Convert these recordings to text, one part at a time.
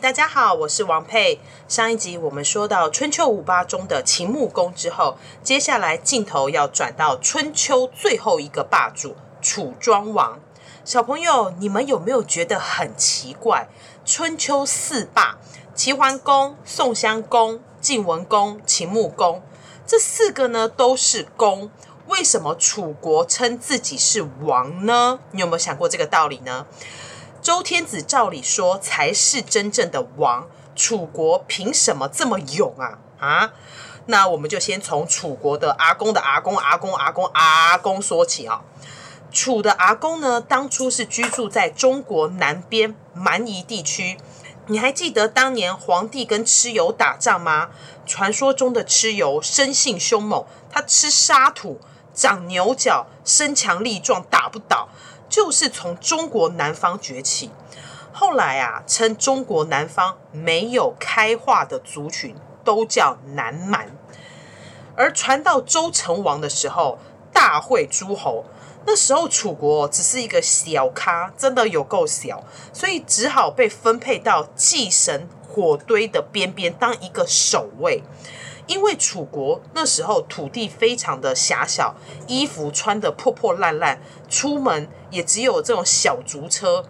大家好，我是王佩。上一集我們說到春秋五霸中的秦穆公之後，接下來鏡頭要轉到春秋最後一個霸主楚莊王。小朋友，你們有沒有覺得很奇怪？春秋四霸齊桓公、宋襄公、晉文公、秦穆公，這四個呢都是公，為什麼楚國稱自己是王呢？你有沒有想過這個道理呢？周天子照理說才是真正的王，楚國憑什麼這麼勇啊啊？那我們就先從楚國的阿公的阿公阿公阿公阿，阿公說起啊、哦。楚的阿公呢，當初是居住在中國南邊蠻夷地區。你還記得當年黃帝跟蚩尤打仗嗎？傳說中的蚩尤生性兇猛，他吃沙土，長牛角，身強力壯，打不倒。就是從中國南方崛起，後來啊，稱中國南方沒有開化的族群都叫南蠻。而傳到周成王的時候，大會諸侯，那時候楚國只是一個小咖，真的有夠小，所以只好被分配到祭神火堆的邊邊當一個守衛。因為楚國那時候土地非常的狹小，衣服穿得破破爛爛，出門也只有這種小竹車。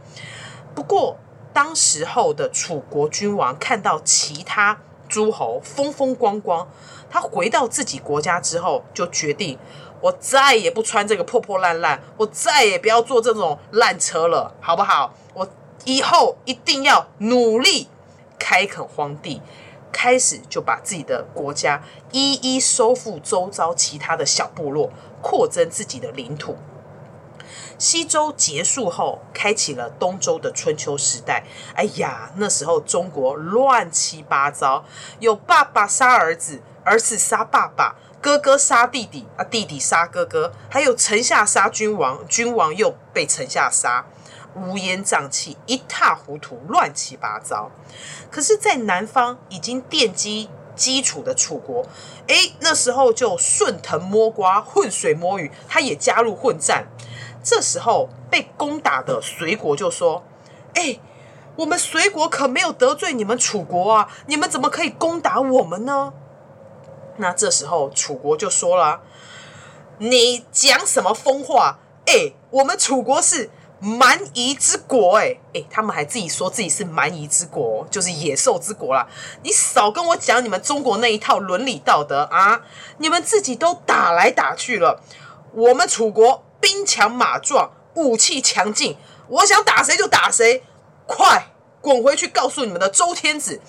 不過，當時候的楚國君王看到其他諸侯風風光光，他回到自己國家之後，就決定：我再也不穿這個破破爛爛，我再也不要坐這種爛車了，好不好？我以後一定要努力開墾荒地。開始就把自己的國家一一收復，周遭其他的小部落擴增自己的領土。西周結束後，開啟了東周的春秋時代。哎呀，那時候中國亂七八糟，有爸爸殺兒子，兒子殺爸爸，哥哥殺弟弟，啊，弟弟殺哥哥，還有臣下殺君王，君王又被臣下殺。烏煙瘴氣，一塌糊塗，亂七八糟。可是，在南方已經奠基基礎的楚國，誒、欸，那時候就順藤摸瓜，渾水摸魚，他也加入混戰。這時候被攻打的隨國就說：“誒、欸，我們隨國可沒有得罪你們楚國啊，你們怎麼可以攻打我們呢？”那這時候楚國就說了：“你講什麼瘋話？誒、欸，我們楚國是。”蠻夷之國、欸，哎、欸、哎，他們還自己說自己是蠻夷之國、哦，就是野獸之國啦。你少跟我講你們中國那一套倫理道德啊！你們自己都打來打去了，我們楚國兵強馬壯，武器強勁，我想打誰就打誰。快滾回去告訴你們的周天子，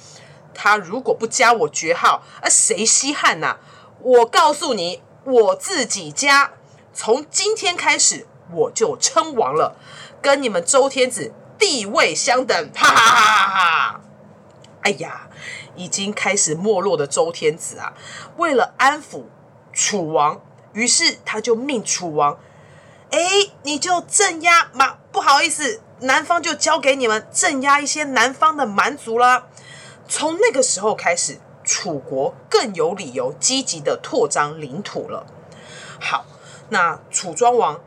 他如果不加我爵號，啊，誰稀罕吶、啊？我告訴你，我自己加。從今天開始。我就稱王了，跟你們周天子地位相等，哈哈哈哈哈哈！哎呀，已經開始沒落的周天子啊，為了安撫楚王，於是他就命楚王，哎、欸，你就鎮壓嘛？不好意思，南方就交給你們鎮壓一些南方的蠻族啦。從那個時候開始，楚國更有理由積極的擴張領土了。好，那楚莊王。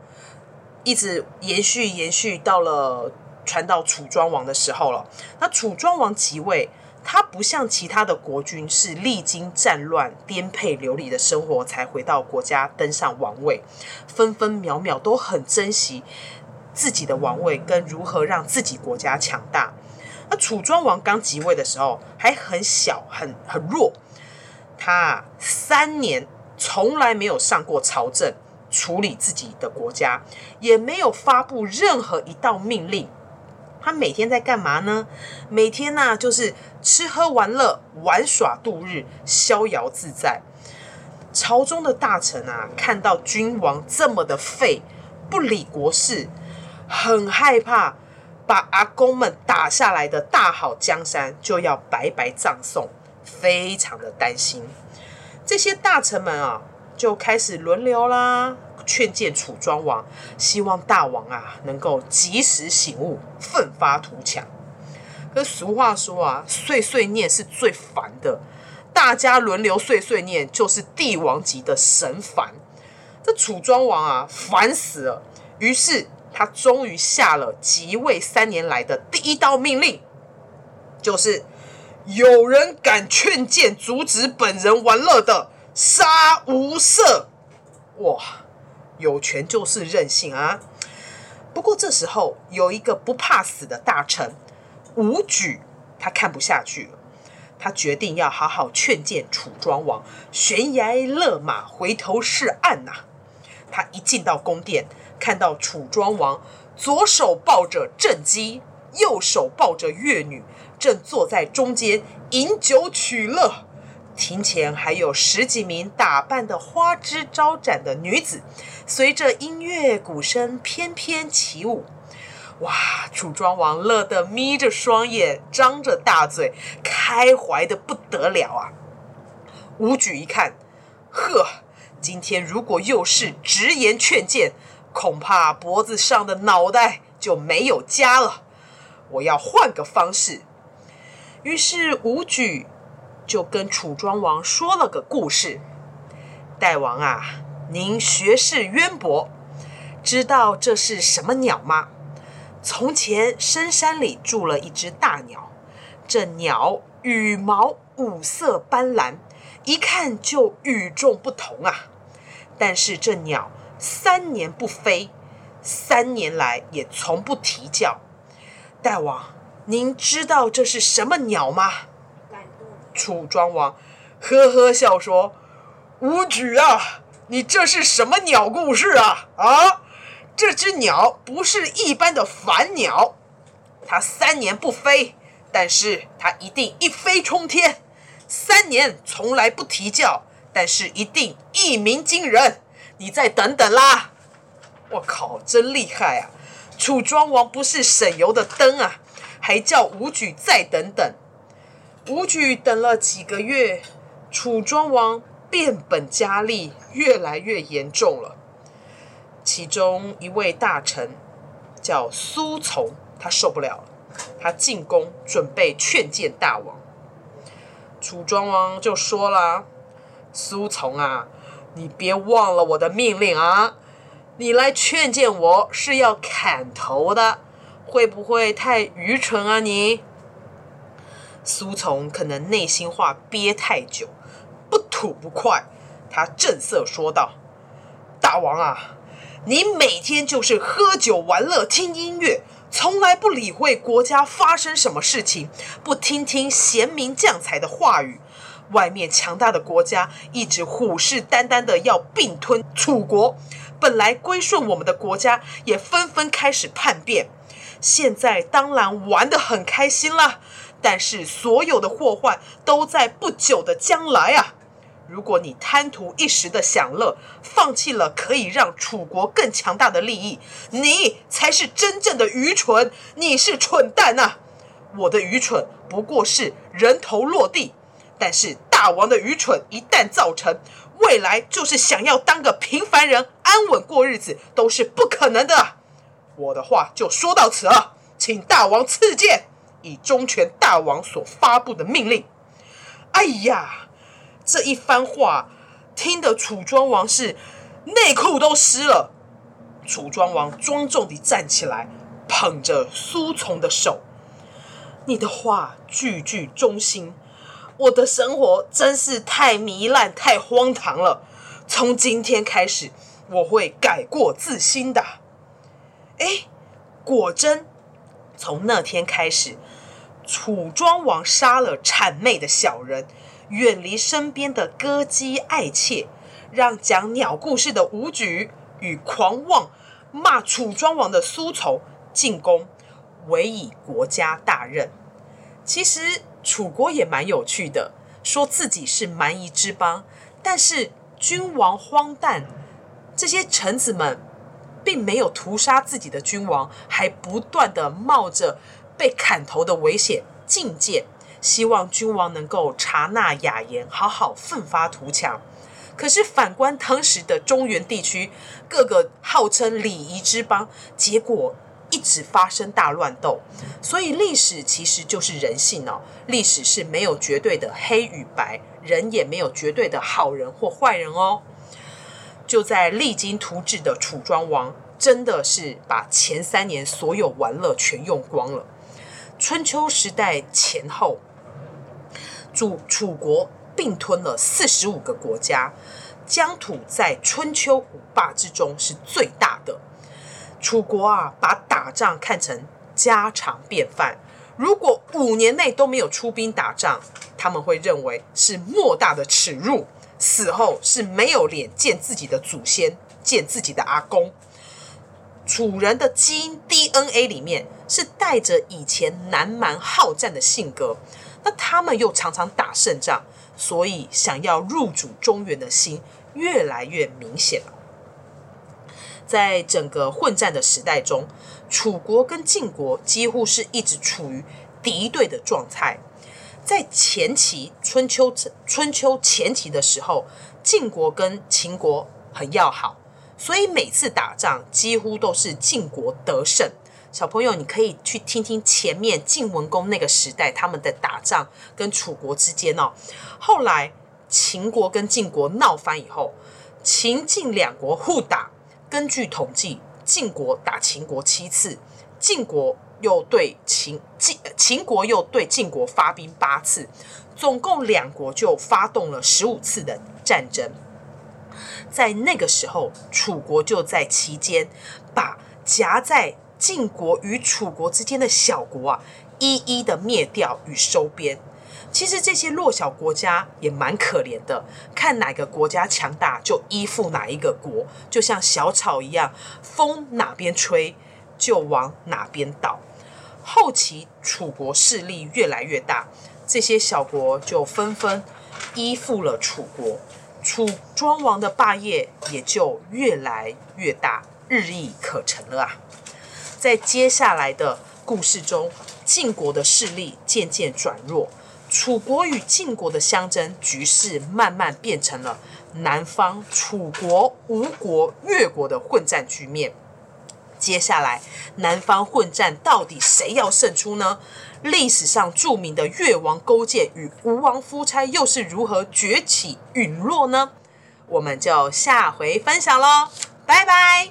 一直延續延續到了傳到楚莊王的時候了。那楚莊王即位，他不像其他的國君是歷經戰亂、顛沛流離的生活才回到國家登上王位，分分秒秒都很珍惜自己的王位跟如何讓自己國家強大。那楚莊王剛即位的時候還很小，很很弱，他三年從來沒有上過朝政。處理自己的國家，也沒有發布任何一道命令。他每天在幹嘛呢？每天呢、啊，就是吃喝玩樂、玩耍度日，逍遙自在。朝中的大臣啊，看到君王這麼的廢，不理國事，很害怕，把阿公們打下來的大好江山就要白白葬送，非常的擔心。這些大臣們啊，就開始輪流啦。勸諫楚莊王，希望大王啊能夠及時醒悟，奮發圖強。可俗話說啊，碎碎念是最煩的，大家輪流碎碎念，就是帝王級的神煩。這楚莊王啊，煩死了。於是他終於下了即位三年來的第一道命令，就是有人敢勸諫阻止本人玩樂的，殺無赦。哇！有權就是任性啊！不過這時候有一個不怕死的大臣伍舉，他看不下去了，他決定要好好勸諫楚莊王，懸崖勒馬，回頭是岸吶、啊。他一進到宮殿，看到楚莊王左手抱着鄭姬，右手抱着越女，正坐在中間飲酒取樂。庭前還有十幾名打扮得花枝招展的女子，隨着音樂鼓聲翩翩起舞。哇，楚莊王樂得眯着雙眼，張着大嘴，開懷得不得了啊！伍舉一看，呵，今天如果又是直言勸諫，恐怕脖子上的腦袋就沒有家了。我要換個方式。於是伍舉。就跟楚莊王說了個故事，大王啊，您學識淵博，知道這是什麼鳥嗎？從前深山裡住了一隻大鳥，這鳥羽毛五色斑斕，一看就與眾不同啊。但是這鳥三年不飛，三年來也從不啼叫。大王，您知道這是什麼鳥嗎？楚莊王呵呵笑說：“伍舉啊，你這是什麼鳥故事啊？啊，這隻鳥不是一般的凡鳥，它三年不飛，但是它一定一飛衝天；三年從來不啼叫，但是一定一鳴驚人。你再等等啦！我靠，真厲害啊！楚莊王不是省油的燈啊，還叫伍舉再等等。”伍舉等了幾個月，楚莊王變本加厲，越來越嚴重了。其中一位大臣叫蘇從，他受不了了，他進宮準備勸諫大王。楚莊王就說了：“蘇從啊，你別忘了我的命令啊！你來勸諫我是要砍頭的，會不會太愚蠢啊你？”蘇從可能內心話憋太久，不吐不快。他正色說道：“大王啊，你每天就是喝酒玩樂、聽音樂，從來不理會國家發生什麼事情，不聽聽賢明將才的話語。外面強大的國家一直虎視眈眈的要併吞楚國，本來歸順我們的國家也紛紛開始叛變，現在當然玩得很開心了。”但是所有的禍患都在不久的將來啊！如果你貪圖一時的享樂，放棄了可以讓楚國更強大的利益，你才是真正的愚蠢，你是蠢蛋吶、啊！我的愚蠢不過是人頭落地，但是大王的愚蠢一旦造成，未來就是想要當個平凡人安穩過日子都是不可能的。我的話就說到此了，請大王賜劍。以忠犬大王所發布的命令。哎呀，這一番話聽得楚莊王是內褲都濕了。楚莊王莊重地站起來，捧着蘇從的手。你的話句句忠心，我的生活真是太糜爛、太荒唐了。從今天開始，我會改過自新的。哎，果真。從那天開始，楚莊王殺了諂媚的小人，遠離身邊的歌姬愛妾，讓講鳥故事的伍舉與狂妄罵楚莊王的蘇從進宮，委以國家大任。其實楚國也蠻有趣的，說自己是蠻夷之邦，但是君王荒誕，這些臣子們。並沒有屠殺自己的君王，還不斷的冒着被砍頭的危險進諫，希望君王能夠察納雅言，好好奮發圖強。可是反觀當時的中原地區，各個號稱禮儀之邦，結果一直發生大亂鬥。所以歷史其實就是人性哦，歷史是沒有絕對的黑與白，人也沒有絕對的好人或壞人哦。就在勵精圖治的楚莊王，真的是把前三年所有玩樂全用光了。春秋時代前後，楚楚國併吞了四十五個國家，疆土在春秋五霸之中是最大的。楚國啊，把打仗看成家常便飯，如果五年內都沒有出兵打仗，他們會認為是莫大的恥辱。死後是沒有臉見自己的祖先、見自己的阿公。楚人的基因 DNA 裡面是帶着以前南蠻好戰的性格，那他們又常常打勝仗，所以想要入主中原的心越來越明顯了。在整個混戰的時代中，楚國跟晉國幾乎是一直處於敵對的狀態。在前期春秋春秋前期的時候，晉國跟秦國很要好，所以每次打仗幾乎都是晉國得勝。小朋友，你可以去聽聽前面晉文公那個時代，他們的打仗跟楚國之間哦。後來秦國跟晉國鬧翻以後，秦晉兩國互打。根據統計，晉國打秦國七次，晉國。又對秦晉秦,秦國又對晉國發兵八次，總共兩國就發動了十五次的戰爭。在那個時候，楚國就在其間，把夾在晉國與楚國之間的小國啊，一一的滅掉與收編。其實這些弱小國家也蠻可憐的，看哪個國家強大就依附哪一個國，就像小草一樣，風哪邊吹。就往哪邊倒。後期楚國勢力越來越大，這些小國就紛紛依附了楚國，楚莊王的霸業也就越來越大，日益可成了啊。在接下來的故事中，晉國的勢力漸漸轉弱，楚國與晉國的相爭局勢慢慢變成了南方楚國、吳國、越國的混戰局面。接下來，南方混戰到底誰要勝出呢？歷史上著名的越王勾踐與吳王夫差又是如何崛起隕落呢？我們就下回分享嘍，拜拜。